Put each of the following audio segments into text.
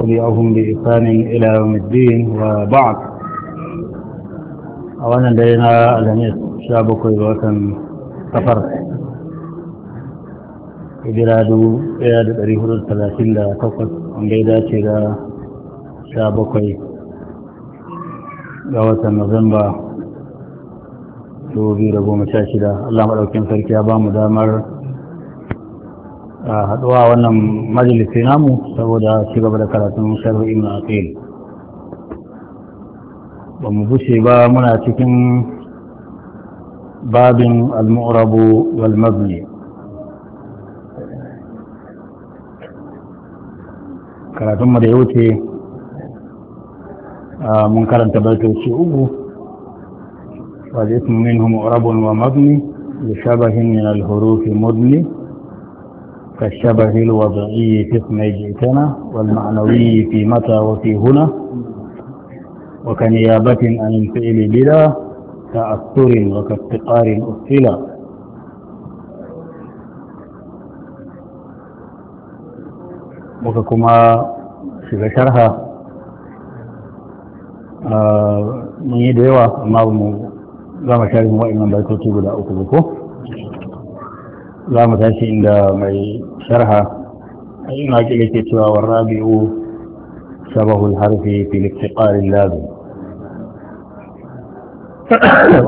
وتبعهم بإحسان إلى يوم الدين وبعض أولا لدينا الهميس شابك وكان سفر إبراد إياد أريه الثلاثين لا عن عندنا شابك شابك ga watan Nuwamba 2016 Allah اللهم sarki ya ba mu damar haɗuwa wannan majalisi namu saboda ci gaba da karatun sharhu a aqil ba mu bushe ba muna cikin babin al-mu'rabu wal mabni karatunmu da ya wuce mun karanta baitoci uku wajen zai minhu mu'rabun wa mabni bi shabahin min al-hurufi mudni كالشبه الوضعي في اسم جئتنا والمعنوي في متى وفي هنا وكنيابة عن الفعل بلا تأثر وكافتقار أصلا وكما في بشرها آه، من yi ما هو amma ba mu بيكوتي بلا sharhin لا barkoki guda ما sharha ina kila ke cewa wa rabi'u shabahul harfi fil iftiqar lazim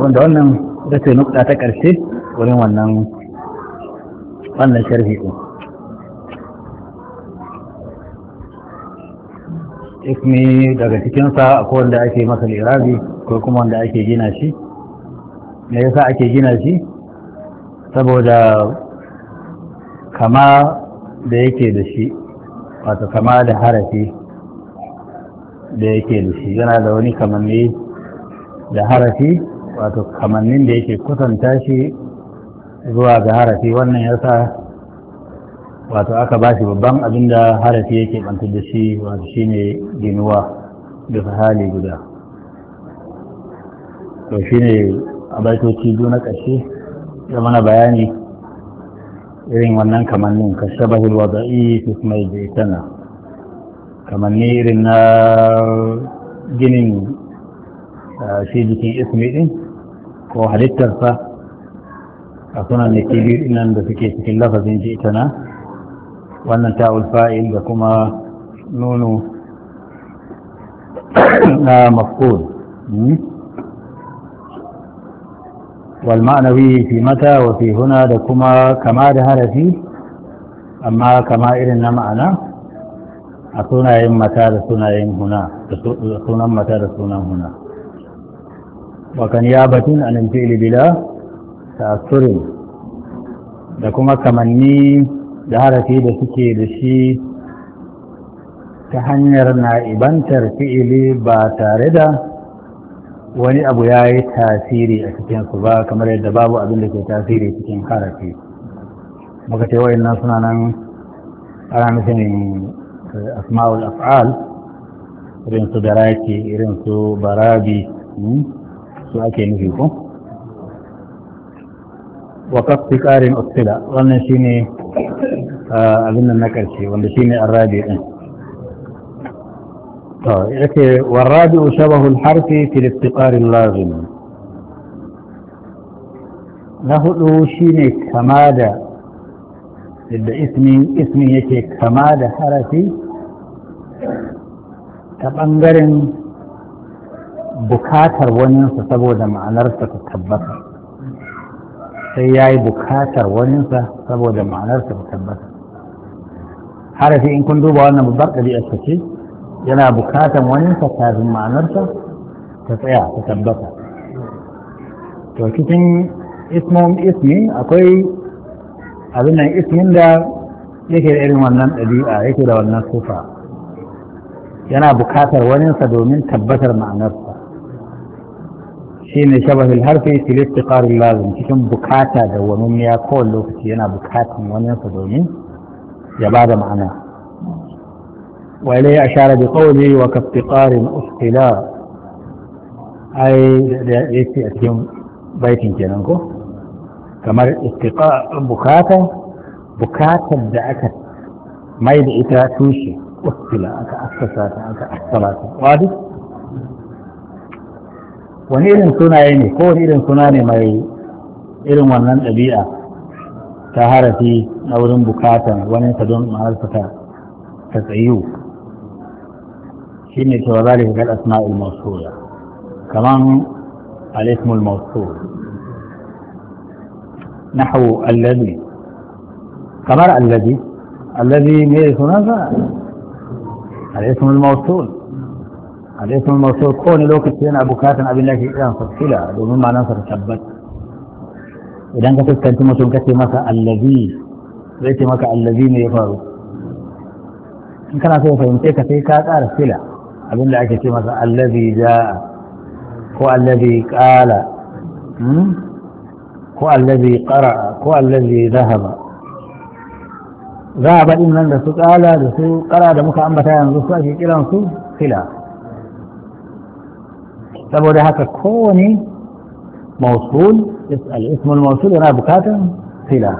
wanda wannan da ce nukta ta ƙarshe, wurin wannan wannan sharhi din ismi daga cikinsa akwai wanda ake masa lirabi ko kuma wanda ake gina shi me yasa ake gina shi saboda kama da yake da shi wato kama da harafi da yake da shi yana da wani kamanni da harafi wato kamannin da yake kusanta shi zuwa ga harafi wannan ya sa wato aka ba shi babban abin da harafi yake bantu da shi wato shi ne ginuwa da hali guda to shi ne a baitoci biyu na ƙarshe zama mana bayani irin wannan kamannin ka shabahul wada'i fi mai baitana kamanni irin na ginin shi jikin ismi din ko halittarsa a sunan da ke biyu nan da suke cikin lafazin shi ita wannan ta'ul fa'il da kuma nono na mafkul hmm? والمعنوي في متى وفي هنا ده كما كما ده هرفي أما كما إرنا معنا أسونا يم متى رسونا يم هنا أسونا متى رسونا هنا وكنيابة عن الفعل بلا تأثر da kuma kamanni da harafi da suke da shi ta hanyar na'ibantar fi'ili ba tare da wani abu ya yi tasiri a cikinsu ba kamar yadda babu abin da ke tasiri cikin harafi muka ce wa'in nan suna nan ana nufin eh, asma'ul af'al irin su daraki irin su barabi hmm, su ake nufi ko wa kafi ƙarin ostila wannan shine eh, abin nan na karshe wanda shine arabi ɗin آه، والرابع شبه الحرف في الافتقار اللازم له شيني كمادة اسمي اسمي يكي كمادة حرفي تبانغرن بكاتر ونين سسبو دم على رسك التبطة سياي بكاتر ونين سسبو دم على رسك التبطة حرفي إن كنتو بوانا مبارك لي أسكي yana bukatan waninsa kafin ma'anarsa ta tsaya ta tabbata to cikin ismin ismin akwai abin nan ismin da yake da irin wannan ɗabi'a yake da wannan sufa yana bukatar waninsa domin tabbatar ma'anarsa shi ne shabahil harfi filisti ƙarin lazim cikin bukata da wani ya kowane lokaci yana bukatan waninsa domin ya ba da ma'ana وإليه أشار بقوله وكافتقار الأثقلاء أي يأتي أتيهم بيت جنانكو كما استقاء بكاتا بكاتا دعكت ما يدعيتا توشي أثقلاء أكأسساتا أكأسلاتا واضح wani irin sunaye ne ko wani irin suna ne mai irin wannan ɗabi'a ta harafi na wurin bukatan wani ta don ma'arsa ta tsayu شيني ذلك في الأسماء الموصولة كمان الاسم الموصول نحو الذي كمان الذي الذي ميرس نفع الاسم الموصول الاسم الموصول كون لو كتين أبو كاتن أبي الله إذن فرسلة دون ما ننصر إذا أنت كتب كنتم تنكتب مكا الذي ليت مكا الذي ميرس كان سوف ينتهي كثير كثير كثير abinda ake ce masa allazi ja'a ko allazi qala ko allazi qara'a ko allazi dhahaba dhahaba din nan da su qala da su qara da muka ambata yanzu su ake kiran su khilaf saboda haka kowane موصول الاسم الموصول هنا بكاتا خلاف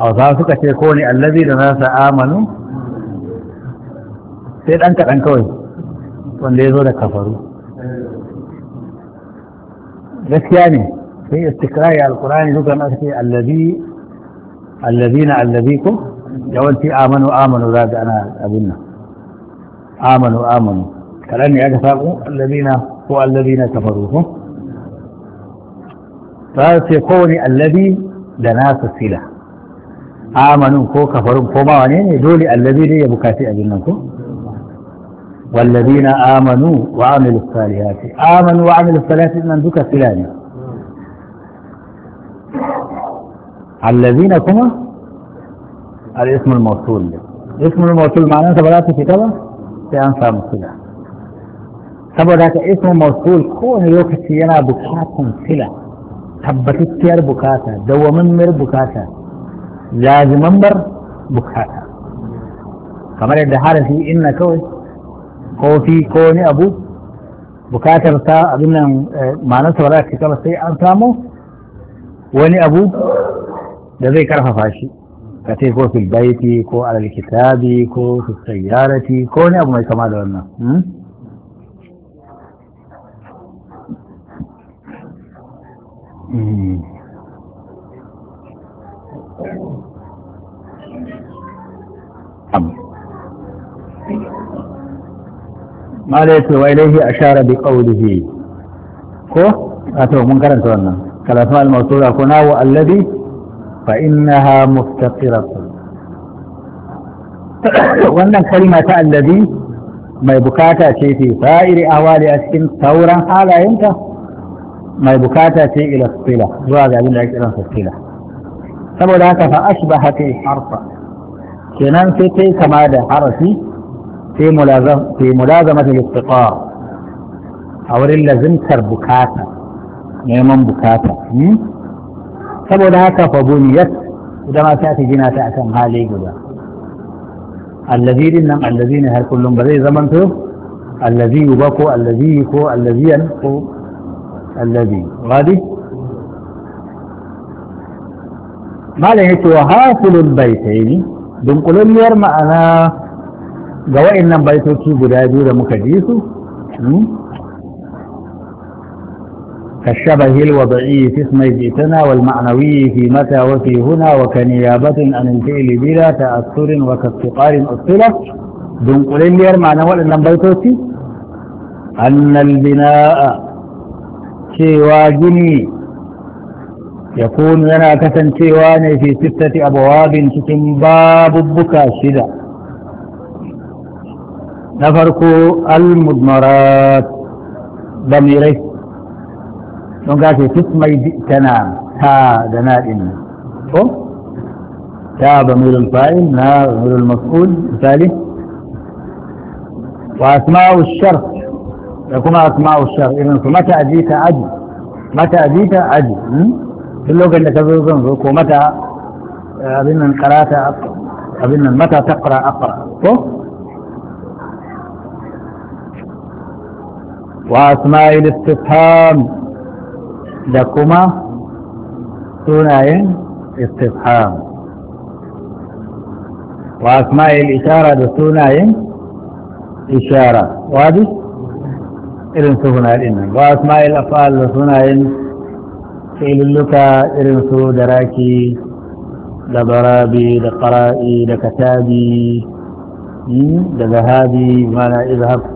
أو ذاتك تكون الذي لناس آمنوا sai ɗan kaɗan kawai wanda ya zo da kafaru gaskiya ne sai istikrari alkurani duka na ce allabi allabi na allabi ko yawanci amanu amanu za ta ana abin nan amanu amanu kaɗan ne aka samu allabi na ko allabi na kafaru ko ta ce kowane allabi da nasa sila amanun ko kafarun ko ma wane ne dole allabi ne ya bukaci abin nan ko والذين آمنوا وعملوا الصالحات آمنوا وعملوا الصالحات من ذكى فلان الذين كما الاسم الموصول اسم الموصول معناه سبراتي في كذا في أنفع مصلا سبراتي اسم الموصول كون يوكسي ينا بكاتم سلا تبت اتير بكاتا دو من بكاتا لازم انبر بكاتا كما يدحال في إن كويس kofi ko wani abu bukatar ta abin nan ma'anarsa ba za ka kama sai an samu wani abu da zai karfafa shi ka ce ko fil baiti ko alal kitabi ko fil sayyarati ko wani abu mai kama da wannan Mm-hmm. ma da yace wa ilaihi ashara bi qawlihi ko a mun karanta wannan kalatun al-mawsula ko nawo alladhi fa innaha muftaqiratun wannan kalma ta alladhi mai bukata ce fi sa'iri awali a cikin sauran halayenta mai bukata ce ila zuwa ga da ake kiransa saboda haka fa harfa sai kai kama da harafi في ملازمة في ملازمة الافتقار أو لازمتر بكاتا neman bukata saboda haka fa buniyat idan ma ta gina ta akan hali guda allazi din nan allazi ne har kullum ba zai zaman to ba ko allazi ko allaziyan ko allazi wadi malam yace wa hasulul ni dunkulalliyar ma'ana ga wa'annan baitoci guda biyu da muka ji su كالشبه الوضعي في اسم جئتنا والمعنوي في متى وفي هنا وكنيابة عن الفعل بلا تأثر وكافتقار أصلة دنقل اللير معنى وإن بيتوتي أن البناء شيوا يكون لنا كسن شيواني في ستة أبواب تتم باب بكا نفركو المضمرات ضميري شون قاتل تسمي دئتنا تا دنائن تا ضمير الفائل نا ضمير المسؤول الثالث واسماء الشرط لكم اسماء الشر إذن متى أجيت أجي متى أجيت أجي تلو قلنا كذلك ذنبكو متى أبنا آه، قرأت أقرأ متى تقرأ أقرأ wa asma'il istifham da kuma sunayen istifham wa asma'il ishara da sunayen ishara wadi irin su huna din nan wa asma'il afal da sunayen fi'iluka irin su daraki da barabi da qara'i da katabi hmm, da zahabi mana izhab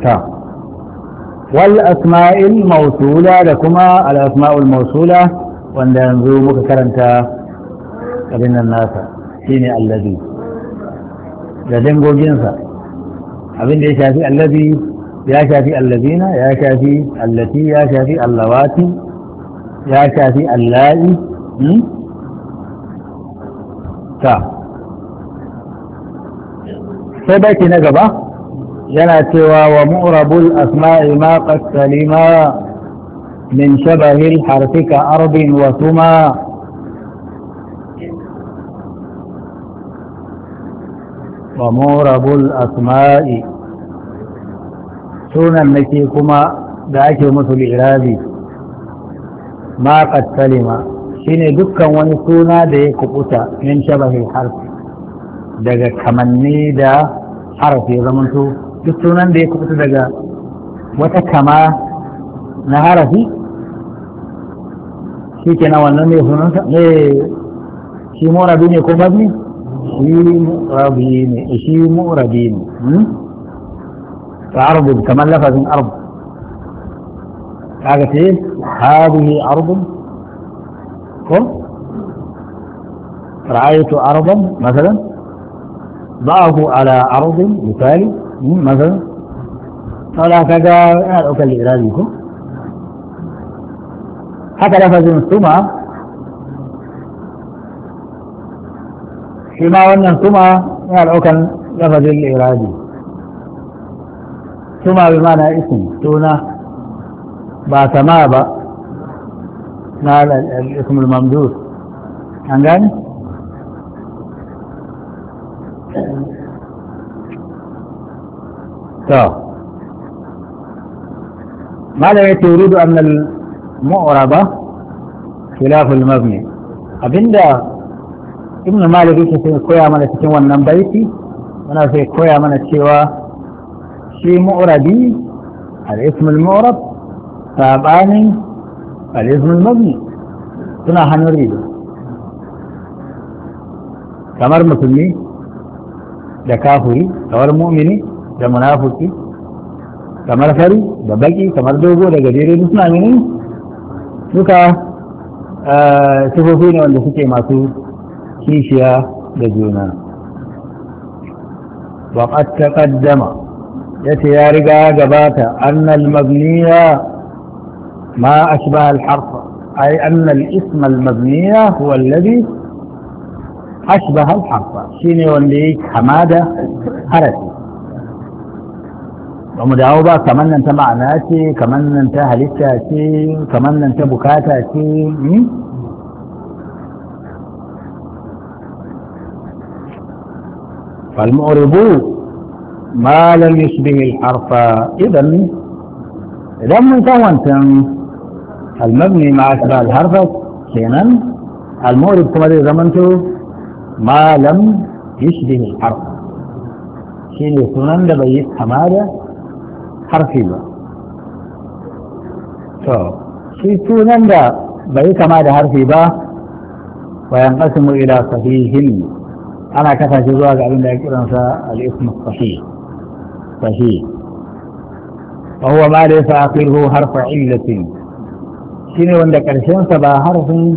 ta wal asma'il mausula da kuma al asma'ul mausula wanda yanzu muka karanta abin nan nasa shine allabi. da dangoginsa abin da ya shafi allabi ya shafi allabina ya shafi allati ya shafi allawati ya shafi allazi hmm? ta sai baki na gaba يلتوى ومؤرب الأسماء ما قد سلما من شبه الحرف كأرب وثما ومورب الأسماء سونا نكيكما دعاكي مثل إعرابي ما قد سلم شيني دكا ونسونا ديكو قتا من شبه الحرف دقا كمني حرفي حرف يظمنتو duk sunan da ya kubuta daga wata kama na harafi shi ke na wannan ne sunansa ne shi murabi ne ko mabni shi murabi ne shi murabi ne ta arbu kamar lafazin arbu kaga ce hadihi arbun ko ra'aytu arban masalan ba'ahu ala ardin misali مثلا ولا كذا ادعو كالإيرانيكم حتى فازوا ثم فيما أن ثم يدعو كلفظ الإيراني ثم بمعنى اسم دون با سما با الاسم الممدود عن to malam ya turidu annal mu'raba khilaful mabni abinda ibnu malik yake sai koya mana cikin wannan baiti wana sai koya mana cewa shi mu'rabi al-ism al-mu'rab sabanin suna hannun kamar musulmi da kafuri kamar mu'mini da munafiki kamar fari da baki kamar dogo da gajere duk suna mini duka sifofi ne wanda suke masu kishiya da juna وقد تقدم يا رجاء جباتا أن المبني ما أشبه الحرف أي أن الاسم المبني هو الذي أشبه الحرف شيني وندي حمادة حرسي ba mu dawo ba kamar nan ta ma'ana ce kamar nan ta halitta ce kamar nan ta bukata ce ما لم يشبه الحرف إذا إذا من كونتم المبني ما أشبه الحرف حينا المعرب كما ذي زمنته ما لم يشبه الحرف شيء سنن لبيت حمادة harfi ba to shi sunan da bai kama da harfi ba bayan mu ila sahihin ana kasance zuwa ga abin da ya kiransa al-ism sahih sahih wa huwa ma yasa akhiruhu harfa illatin shine wanda karshen sa ba harfin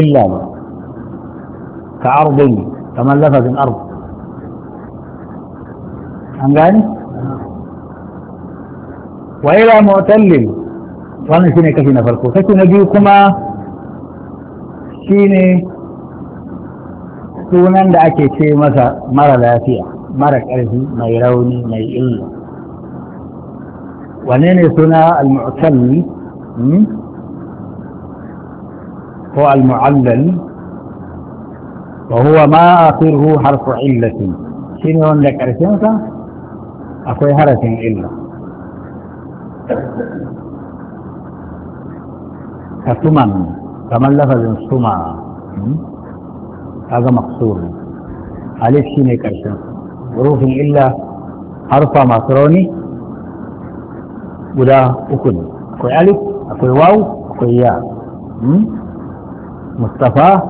illa ba ka ardin kamar lafazin ard an gani wa ila mutallil wannan shine kashi na farko kashi na biyu kuma shine sunan da ake ce masa mara lafiya mara ƙarfi mai rauni mai illa wane ne suna al-mu'talli ko al-mu'allal wa huwa ma akhiruhu harfu illatin shine wanda ƙarshen sa akwai harafin illa كتمن كمان لفظ suma, هذا hmm? مقصور alif shine karshen rufin illa harfa masu rauni guda uku ne akwai alif akwai wawu akwai ya hmm? Mustapha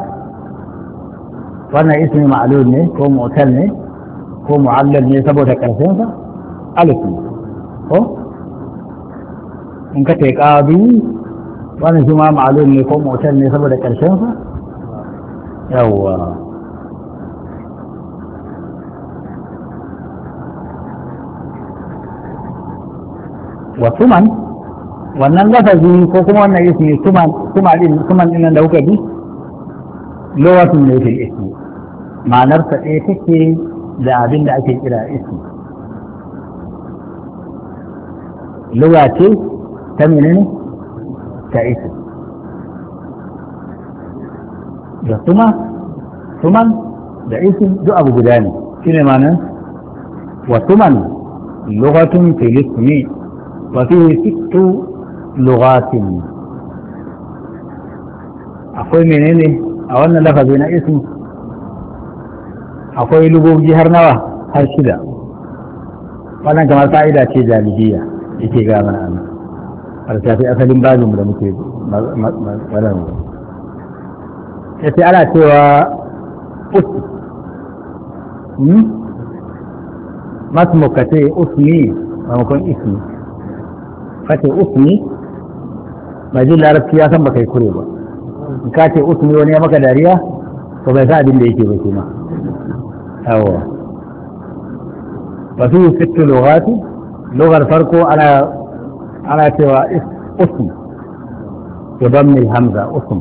wannan ismi ma'alul ne ko mu'tal ne ko mu'allal ne saboda karshen sa, alif ne ko in ka ta yi ƙadu wani shi ma ma'alun ne ko motar ne saboda ƙarshen sa yawwa wasu man wannan lafazi ko kuma wannan ismi tuman tuman din tuman din da kuka bi lawatun ne fil ismi ma'anar ta ɗaya take da abin da ake kira ismi luwa ce ta menene ta isu da kuma tuman da isu duk abu guda ne shi ne manan wa tuman lugatun filistini wa fihi sittu lugatin akwai menene a wannan lafazi na isu akwai lugogi har nawa har shida wannan kamar fa'ida ce jami'iyya yake gama na Allah a fi asalin babin da muke wannan ya ce ana cewa usu masu mukace usmi hmm? mamakon ismi kace usmi mai jin larabci ya san baka yi kure ba ka ce ne wani ya maka dariya to bai sa abin da yake ba ma yawo ba su sittu lokaci lokar farko ana ana cewa usm ya mai hamza usm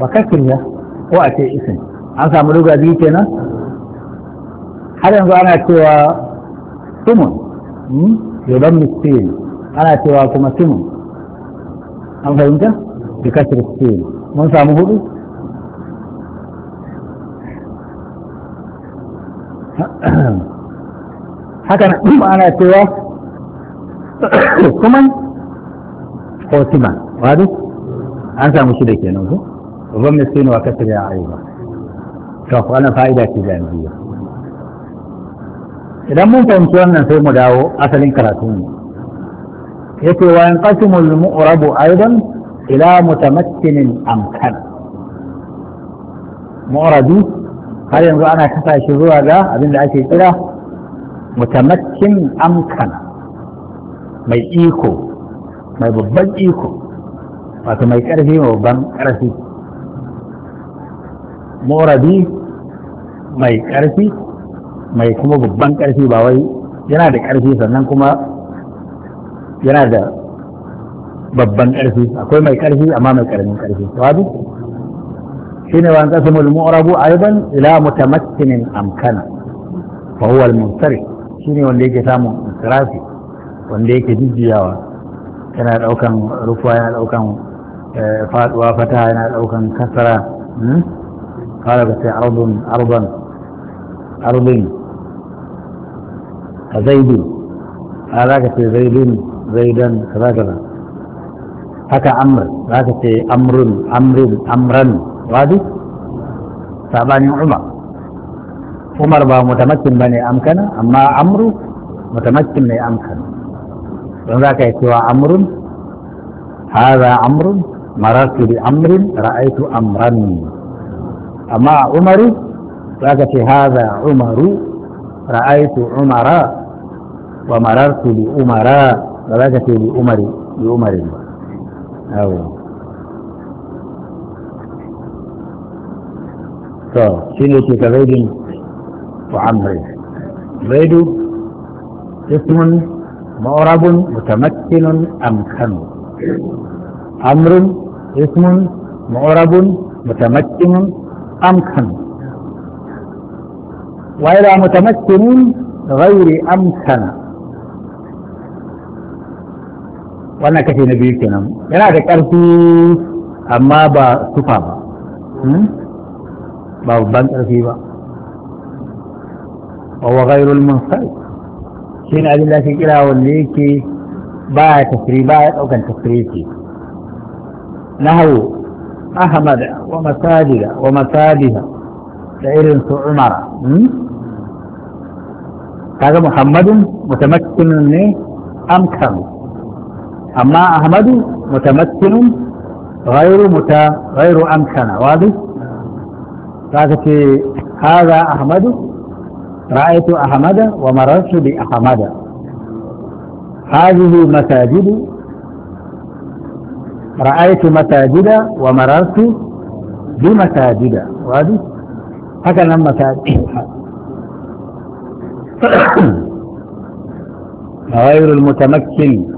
wa kasriya ko a ce ism an samu ruga biyu kenan har yanzu ana cewa sumun hmm? ya ban miskin ana cewa kuma sumun an fahimta bi kasri sin mun samu hudu haka na ana cewa kuma hotima wadu an samu shi da ke kenan ko ruban miskinu wa kasar ya ba, to ana fa'ida ce jami'a idan mun fahimci wannan sai mu dawo asalin karatu ne yake wa yan qasimul mu'rabu aidan ila mutamakkinin amkan mu'rabi har yanzu ana kasa shi zuwa ga abin da ake kira mutamakkin amkana mai iko mai babban iko wato mai ƙarfi mai babban ƙarfi morabi mai ƙarfi mai kuma babban ƙarfi ba wai yana da ƙarfi sannan kuma yana da babban ƙarfi akwai mai ƙarfi amma mai ƙaramin ƙarfi wabi shi ne wani ƙasa mulmu rabu aiban ila mutamakkinin amkana fa huwa al-munsari shi ne wanda yake samun insirafi wanda yake jijjiyawa yana daukan rufuwa yana daukan eh, faduwa fata yana daukan kasara fara hmm? da sai arzun arzun arzun a zaidu a za ka ce zaidun zaidan kaza kaza haka amr za ka ce amrun amrin amran wadi sabanin umar umar ba mutamakin ba ne amkana amma amru mutamakin ne amkana don za ka yi cewa amrun haza amrun marasu bi amrin ra'aitu amran amma umaru za ka ce haza umaru ra'aitu umara wa marartu bi umara ba za ka ce bi umari bi umari ba to shi ne ke ka zaidin wa amri zaidu ismun معرب متمكن أمكن أمر اسم معرب متمكن أمكن وإلى متمكن غير أمكن wannan kashe na biyu kenan yana da ƙarfi amma ba tufa ba ba babban ƙarfi ba shi ne abin da ake kira wanda yake ba ya tafiri ba ya ɗaukan tafiri ce nahawu ahmad wa masajida wa masajida da irin su umara hmm? kaga muhammadun mutamakkinun ne amkan amma ahmadu mutamakkinun غير متى غير za ka هذا هذا أحمد رأيت أحمد ومررت بأحمد هذه مساجد رأيت مساجد ومررت بمساجد وهذه هكذا مساجد غير المتمكن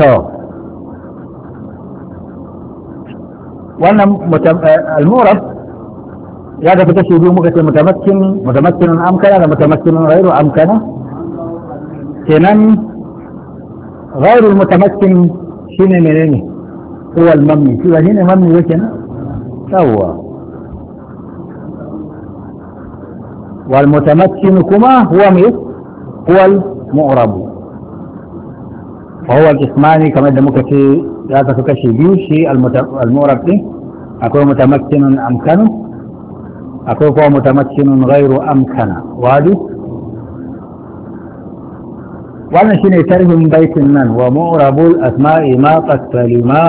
so وانا المورث ya ga fita shi biyu muka ce mutamakkin mutamakkinin amkana da mutamakkinin ghairu amkana kenan ghairul mutamakkin shine menene huwa al-mamni shi ba shine mamni ba kenan yawwa wal mutamakkin kuma huwa me huwa al-mu'rab فهو الجسماني كما da muka ce ya kasu kashi biyu shi al-mu'rab din akwai mutamakkinun amkanu akwai kuma mutamakkinun gairu amkana wadi wannan shine tarihin baitin nan wa mu'rabul asma'i ma qasalima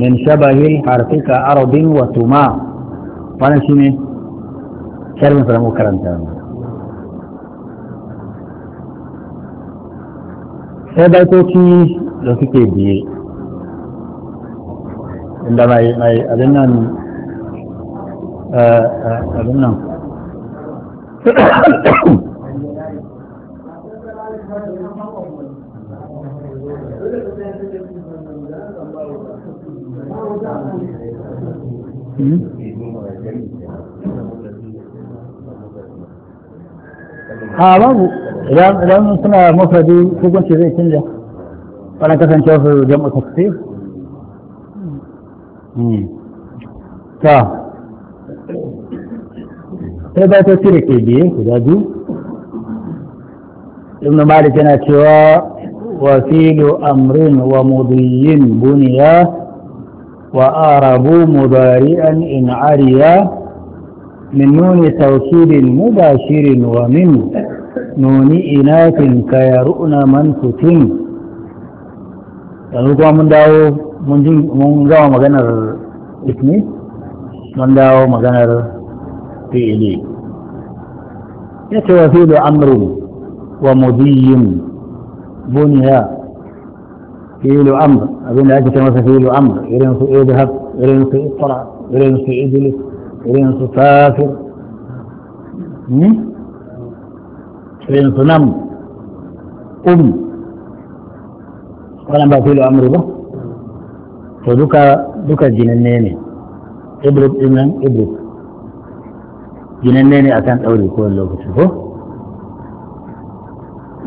min shabahi harfika arabin wa tuma wannan shi sharhin da samun karanta sai baitoci da suke biye inda mai abin nan Eh, eh, abin nan hmm? a ah, babu idan suna mafadi hukunci zai canja wani kasancewa su jam'a tafsir hmm. Hmm. ta sai ba ta cire ke biye guda biyu ibn malik yana cewa wasilu amrin wa mudiyin buniya wa arabu mudari'an in ariya min nuni tawkidin mubashirin wa min nuni inatin kayaruna man fitin yanzu kuma mun dawo mun gama maganar ismi mun dawo maganar فعلي يتوفيل أمر ومضي بني فعل أمر أبين أجل مثلا فعل أمر إلين اذهب إلين اطلع إلين اجلس إلين سافر إلين نم أم wannan ba filo amru ba to duka duka jinanne ne ginanne ne akan ɗaure ko lokaci ko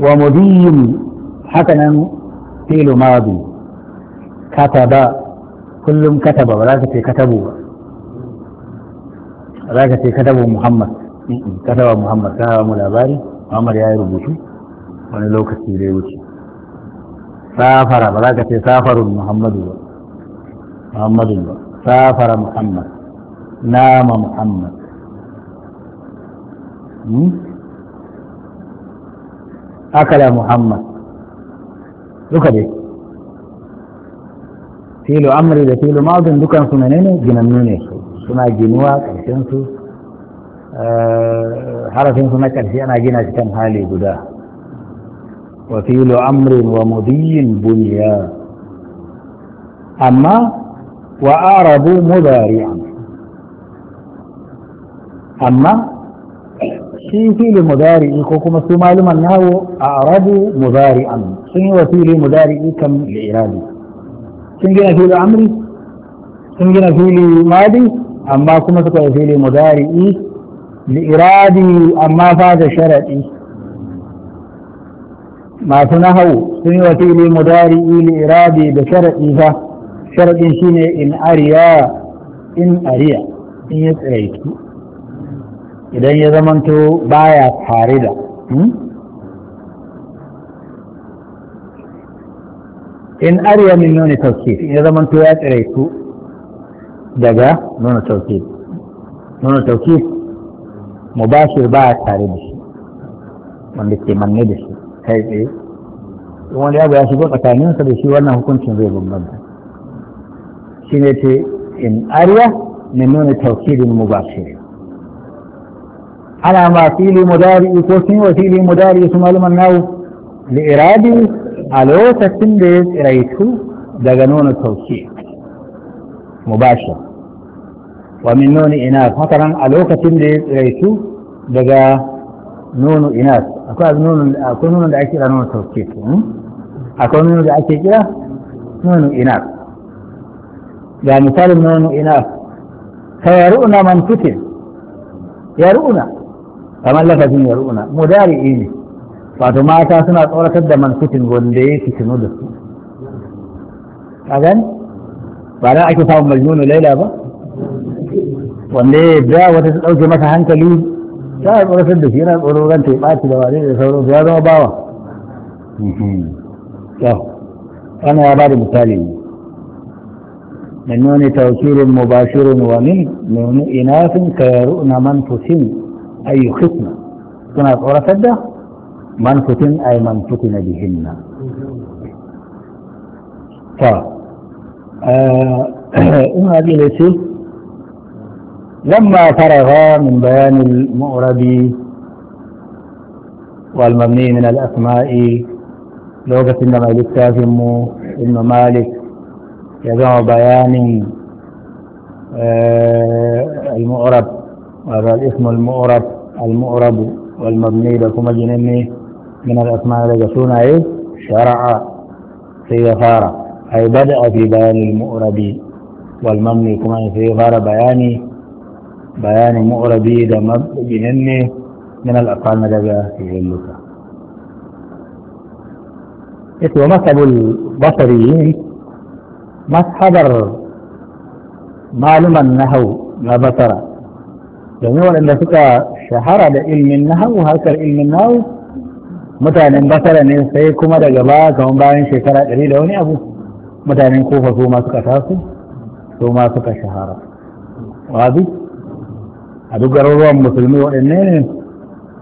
wa mudiyin haka nan filu madi kataba kullum kataba ba za ka ce katabu ba za ka ce katabu muhammad kataba muhammad ka mu labari muhammad ya yi rubutu wani lokaci da wuce safara ba za ka ce safarun muhammadu ba muhammadu ba safara muhammad nama muhammad akala muhammad duka dai filu amri da filu ma'udin dukansu menene ginannu ne suna ginuwa ƙarshensu harafinsu na ƙarshe ana gina shi kan hali guda wa filu amrin wa mudiyin buniya amma wa arabu mudari'an amma shi fili mudari ko kuma su maluman nawo a arabu an sun yi wa fili mudari'i kan iradi sun gina fili amri sun gina fili madi amma kuma suka yi fili da iradi amma fa da Ma masu nahawu sun yi wa fili mudari'i iradi da sharaɗi fa sharaɗin shine in ariya in ariya in ya tsiraitu idan ya zamanto baya tare da hmm? in arya min nuna tauke ya zamanto ya tsire su daga nuna tauke nuna tauke ba a tare da shi wanda ke manne da shi kai tsaye wani abu ya shigo tsakaninsa da shi wannan hukuncin zai bambanta shi ne ce in arya min nuna tauke ne. ana ma fili mudari ko sun wa fili mudari su maluman nawo li'iradi a lokacin da ya tsiraitu daga nuna sauki mubasha wa min nuni ina hakanan a lokacin da ya tsiraitu daga nunu ina akwai nunu da ake kira nunu sauki akwai nunu da ake kira nunu ina misalin ina ka man fitin kamar lafazin ya runa mudari'i ne wato mata suna tsoratar da mankutin wanda ya fitinu da su a gani ba da ake samun majnunu laila ba wanda ya yadda wata ta ɗauke masa hankali ta yi tsoratar da shi yana tsoron ran ta yi ɓaci da wane da sauran ya zama bawa yau wannan ya ba da misali ne من نون توكيل مباشر ومن نون إناث كيرؤن منفس أي ختنة سنة أورا سدى من فتن أي من فتن بهن ف آه، إن هذه الأشياء لما فرغ من بيان المؤرب والمبني من الأسماء لوجة إنما يتكافم إن مالك يجمع بيان آه، المؤرب هذا الاسم المؤرب المؤرب والمبني لكم جنمي من الأسماء لجسون أي شرع سيغفار أي بدأ في بيان المؤرب والمبني كما سيغفار بياني بيان مؤربي جنمي من الأقام لجا في اللوكا إذا مذهب البصريين مذهب معلوم النحو ما بصره domin عند يعني فكرة shahara da ilmin nahawu harkar ilmin nahawu mutanen basara ne sai kuma daga ba kamar bayan shekara ɗari da wani abu mutanen kofa su ma suka taso su ma suka shahara wazi a duk garuruwan musulmi waɗannan ne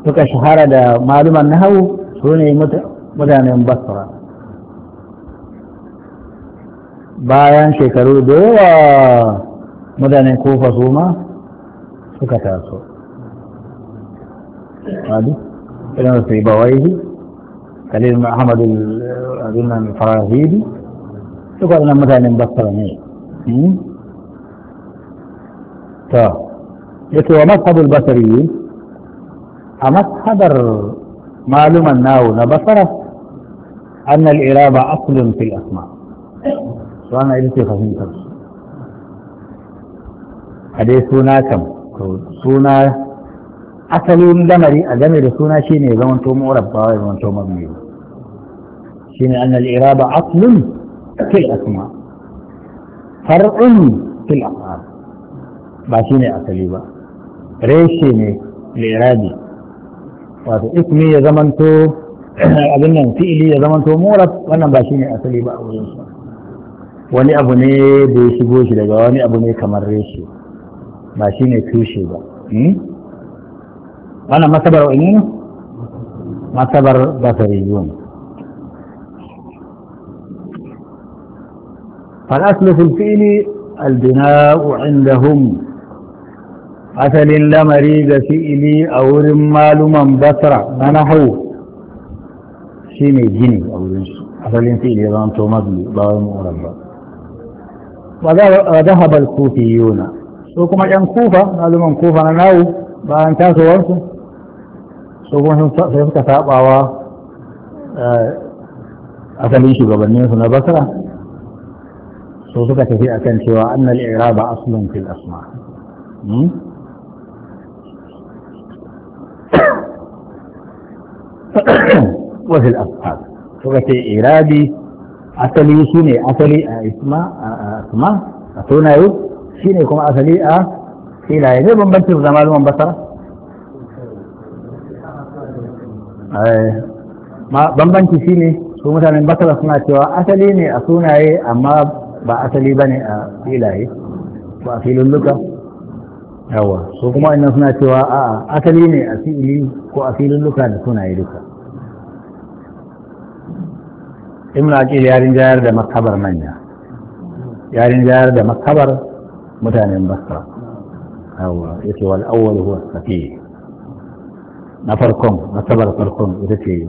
suka shahara da maluman nahawu su ne mutanen basara bayan shekaru da yawa mutanen kofa su ma suka taso هذه كلمة في بوايدي كلمة أحمد أظن الفراهيدي تقول أنا مثلا مبطل طيب. هنا تا يتوى مذهب البصريين أمذهب معلوم أنه نبصر أن الاراده أصل في الأسماء وأنا إلتي خفيفة حديثنا كم سونا asalin lamari a game da suna shine ya zamanto mu'rabba ya zamanto mabni shine anna al-iraba aslun fil asma far'un fil af'al ba shi ne asali ba reshe ne lirabi wato ismi ya zamanto abin nan fi'ili ya zamanto murab wannan ba shi ne asali ba a wurin shi wani abu ne da ya shigo shi daga wani abu ne kamar reshe ba shi ne tushe ba hmm? wannan masabar wa ne masabar basariyun fal aslu fil fi'li al bina'u 'indahum asalin lamari ga fi'li a wurin maluman basra na nahu shine gini a wurin su asalin fi'li ya zama to mabli ba wai murabba wa dhahaba al kufiyuna so kuma yan kufa maluman kufa na nahu ba an tasowar su su kuma sai suka sabawa asalin shugabannin su na basra so suka tafi akan cewa annal iraba aslun fil asma wasu al'afar suka ce irabi asali shi ne asali a isma a sunayo shi ne kuma asali a filaye ne bambancin zama zuwan basara Eh, bambanci shine su mutanen basara suna cewa asali ne a sunaye amma ba asali ba ne a filaye ba a filin luka yawa su kuma innan suna cewa a asali ne a fili ko a filin luka da sunaye duka ibn aqil yarin jayar da makabar manya yarin jayar da makabar mutanen basara yawa yace wal awwal huwa safiya na farkon nasabar farkon ita ce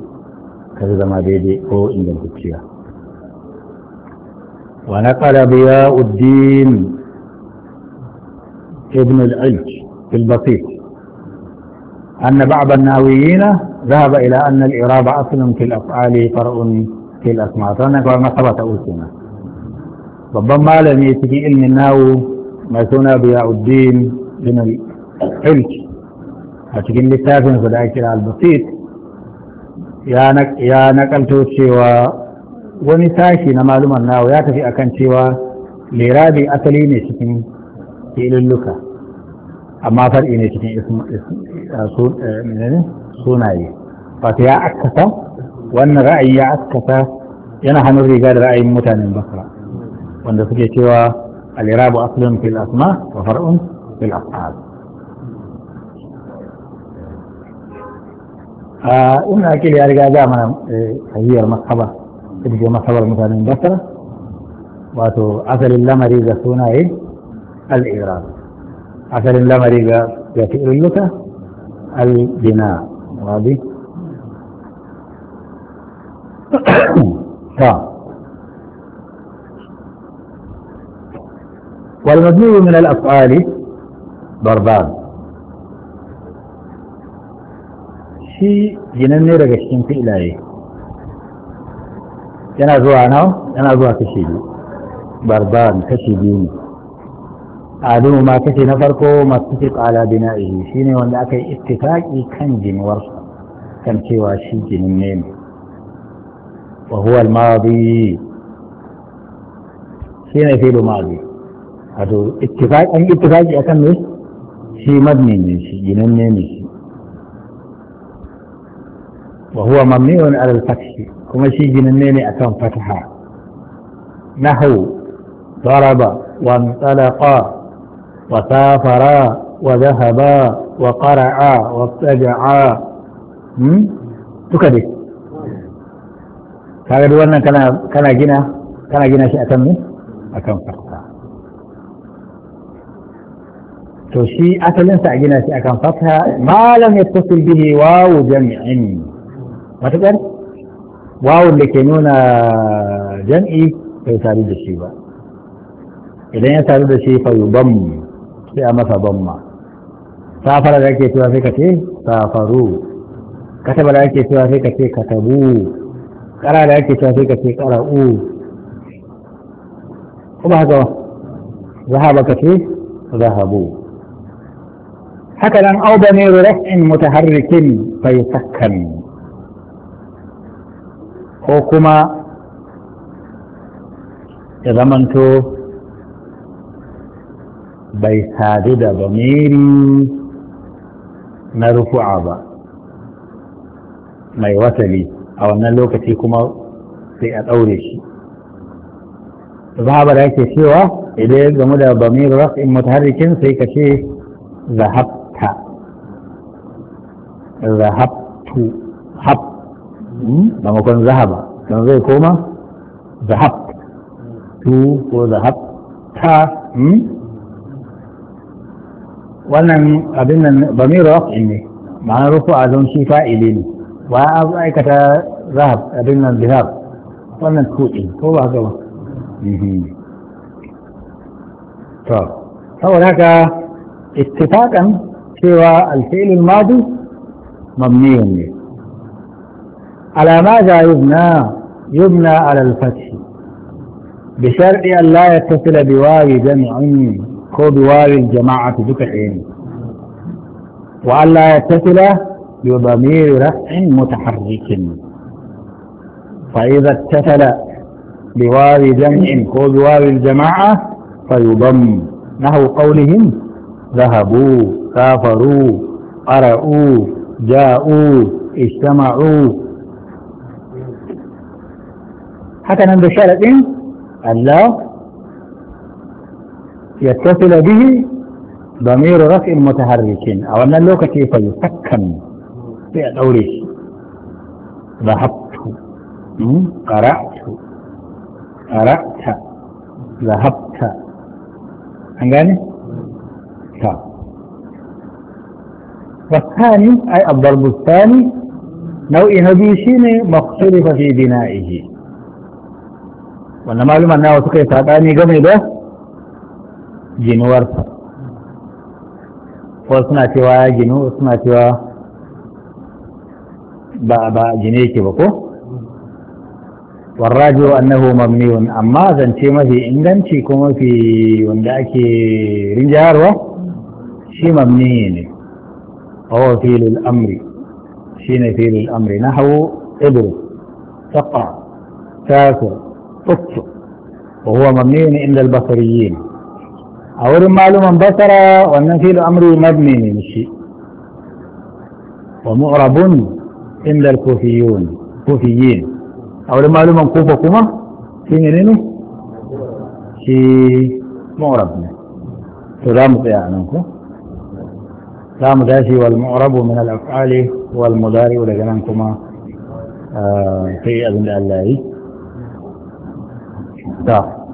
ka zama daidai ko ingantacciya wa na biya uddin ابن العلج في البسيط أن بعض الناويين ذهب إلى أن الإرابة أصل في الأفعال فرع في الأسماء فأنك وما ثبت أوسنا ربما لم يتكي علم الناو ما سنى بياء الدين بن الحلج a cikin littafinsa da ake al-basit ya nakalto cewa wani sashi na maluman nawa ya tafi akan cewa lirabi asali ne cikin ililluka amma far'i ne cikin eh, sunaye wata ya akasa wannan ra'ayi ya akasa yana hannun riga da ra'ayin mutanen basra wanda suke cewa alirabu irabu aslun fil asma wa far'un fil af'al a ina akili ya riga ga mana hayyar masaba ita ce masabar mutanen basra wato asalin lamari ga sunaye al'irab asalin lamari ga ga fi'illuka al-bina wadi ta والمبني من الأفعال ضربان shi jinan ne daga cikin filaye yana zuwa na yana zuwa kashi biyu barban kashi biyu ne adamu ma kashi na farko masu fi bina bina'ihi shi ne wanda aka yi ittifaki kan jinuwarsa kan cewa shi jinin ne ne wa huwa al-madi shi ne filo madi wato ittifaki an ittifaki akan ne shi madi ne shi ginanne ne ne shi وهو مبني على الفتح كما شيجن النيني أكام فتحا نحو ضرب وانطلقا وسافرا وذهبا وقرعا وابتجعا تكدي كاغد وانا كان جنا كان جنا شي اتمي اكم فتحا تو شي اتلن سا جنا ما لم يتصل به واو جمع matuƙar wawun da ke nuna jam'i bai sadu da shi ba idan ya sadu da shi fayu ban sai a masa ban ma safara da ake cewa sai ka ce safaru kataba da ake cewa sai ka ce katabu kara da ake cewa sai ka ce kara'u kuma haka zahaba ka ce zahabu haka nan auba ne rafin mutaharrikin fai sakkan ko kuma ya zamanto bai sadu da bamiri na rufu'a ba mai wasali a wannan lokaci kuma sai a ɗaure shi zaba da yake cewa idan ya gamu da bamir raf'in mutaharrikin sai ka ce zahabta zahabtu maimakon zahaba don zai koma zahab tu ko zahab ta hmm? wannan abin nan ba mai in ne ma'ana rufu a don shi fa'ili ne ba a aikata zahab abin nan zahab wannan tuɗi ko ba zama, mhm. to saboda haka ittifaqan cewa alfilin madu mamniyun ne على ماذا يبنى يبنى على الفتح بشرط أن لا يتصل بواو جمع كو بواو الجماعة بكحين وأن لا يتصل بضمير رفع متحرك فإذا اتصل بواو جمع كو بواو الجماعة فيضم نحو قولهم ذهبوا سافروا قرأوا جاءوا اجتمعوا حتى nan da sharaɗin الا يتصل به ضمير رفع المتحركين او ان اللوكة كيف يسكن في الأوريش ذهبت قرأت قرأت ذهبت هنغاني تا والثاني اي الضرب الثاني نوع شيء مختلف في بنائه wanda maluman nawa suka yi saɓani game da ginuwarsa wasu suna cewa ya ginu suna cewa ba ba gine yake ba ko warrajo annahu mamniyun amma zance mafi inganci ko mafi wanda ake rinjayarwa shi mamni ne وهو فيل الأمر شين فيل الأمر نحو إبر تقع تاكل قط وهو مبني عند البصريين أول معلوم بصر والنفيل أمره مبني من الشيء ومغرب عند الكوفيون كوفيين أول معلوم كوفة كما في منينه في معرب سلام قيانك يعني لا مداشي والمعرب من الأفعال والمضارع لجنانكما آه، في أذن الله Da.